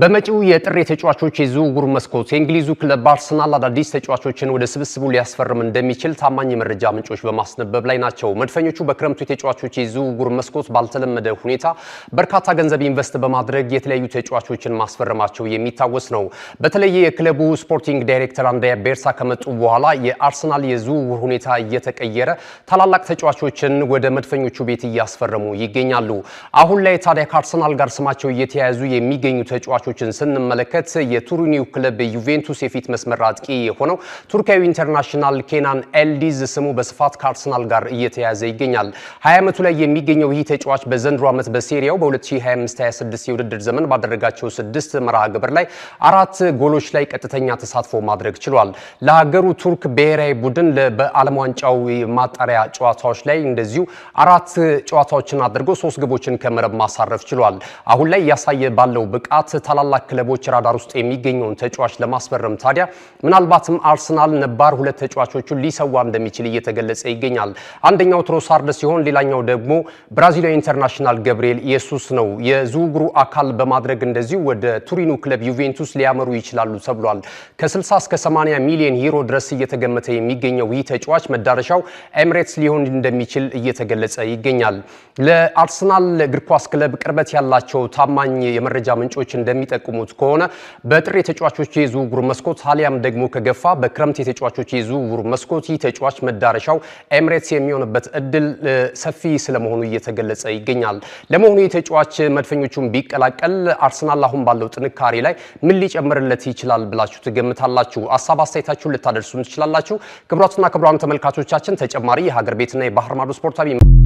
በመጪው የጥር የተጫዋቾች የዝውውር መስኮት የእንግሊዙ ክለብ አርሰናል አዳዲስ ተጫዋቾችን ወደ ስብስቡ ሊያስፈርም እንደሚችል ታማኝ መረጃ ምንጮች በማስነበብ ላይ ናቸው። መድፈኞቹ በክረምቱ የተጫዋቾች የዝውውር መስኮት ባልተለመደ ሁኔታ በርካታ ገንዘብ ኢንቨስት በማድረግ የተለያዩ ተጫዋቾችን ማስፈረማቸው የሚታወስ ነው። በተለይ የክለቡ ስፖርቲንግ ዳይሬክተር አንድሪያ ቤርሳ ከመጡ በኋላ የአርሰናል የዝውውር ሁኔታ እየተቀየረ ታላላቅ ተጫዋቾችን ወደ መድፈኞቹ ቤት እያስፈረሙ ይገኛሉ። አሁን ላይ ታዲያ ከአርሰናል ጋር ስማቸው እየተያያዙ የሚገኙ ተጫዋ ተጫዋቾችን ስንመለከት የቱሪኒው ክለብ ዩቬንቱስ የፊት መስመር አጥቂ የሆነው ቱርካዊ ኢንተርናሽናል ኬናን ኤልዲዝ ስሙ በስፋት ከአርሰናል ጋር እየተያያዘ ይገኛል። 20 ዓመቱ ላይ የሚገኘው ይህ ተጫዋች በዘንድሮ ዓመት በሴሪያው በ2025/26 የውድድር ዘመን ባደረጋቸው ስድስት መርሃ ግብር ላይ አራት ጎሎች ላይ ቀጥተኛ ተሳትፎ ማድረግ ችሏል። ለሀገሩ ቱርክ ብሔራዊ ቡድን በዓለም ዋንጫው ማጣሪያ ጨዋታዎች ላይ እንደዚሁ አራት ጨዋታዎችን አድርጎ ሶስት ግቦችን ከመረብ ማሳረፍ ችሏል። አሁን ላይ እያሳየ ባለው ብቃት ታላላቅ ክለቦች ራዳር ውስጥ የሚገኘውን ተጫዋች ለማስፈረም ታዲያ ምናልባትም አርሰናል ነባር ሁለት ተጫዋቾቹን ሊሰዋ እንደሚችል እየተገለጸ ይገኛል። አንደኛው ትሮሳርድ ሲሆን ሌላኛው ደግሞ ብራዚላዊ ኢንተርናሽናል ገብርኤል ኢየሱስ ነው። የዝውውሩ አካል በማድረግ እንደዚሁ ወደ ቱሪኑ ክለብ ዩቬንቱስ ሊያመሩ ይችላሉ ተብሏል። ከ60 እስከ 80 ሚሊዮን ዩሮ ድረስ እየተገመተ የሚገኘው ይህ ተጫዋች መዳረሻው ኤምሬትስ ሊሆን እንደሚችል እየተገለጸ ይገኛል። ለአርሰናል እግር ኳስ ክለብ ቅርበት ያላቸው ታማኝ የመረጃ ምንጮች እንደሚ እንደሚጠቁሙት ከሆነ በጥር የተጫዋቾች የዝውውር መስኮት አሊያም ደግሞ ከገፋ በክረምት የተጫዋቾች የዝውውር መስኮት ተጫዋች መዳረሻው ኤምሬትስ የሚሆንበት እድል ሰፊ ስለመሆኑ እየተገለጸ ይገኛል። ለመሆኑ የተጫዋች መድፈኞቹን ቢቀላቀል አርሰናል አሁን ባለው ጥንካሬ ላይ ምን ሊጨምርለት ይችላል ብላችሁ ትገምታላችሁ? አሳብ አስተያየታችሁን ልታደርሱን ትችላላችሁ። ክቡራትና ክቡራን ተመልካቾቻችን ተጨማሪ የሀገር ቤትና የባህር ማዶ ስፖርታዊ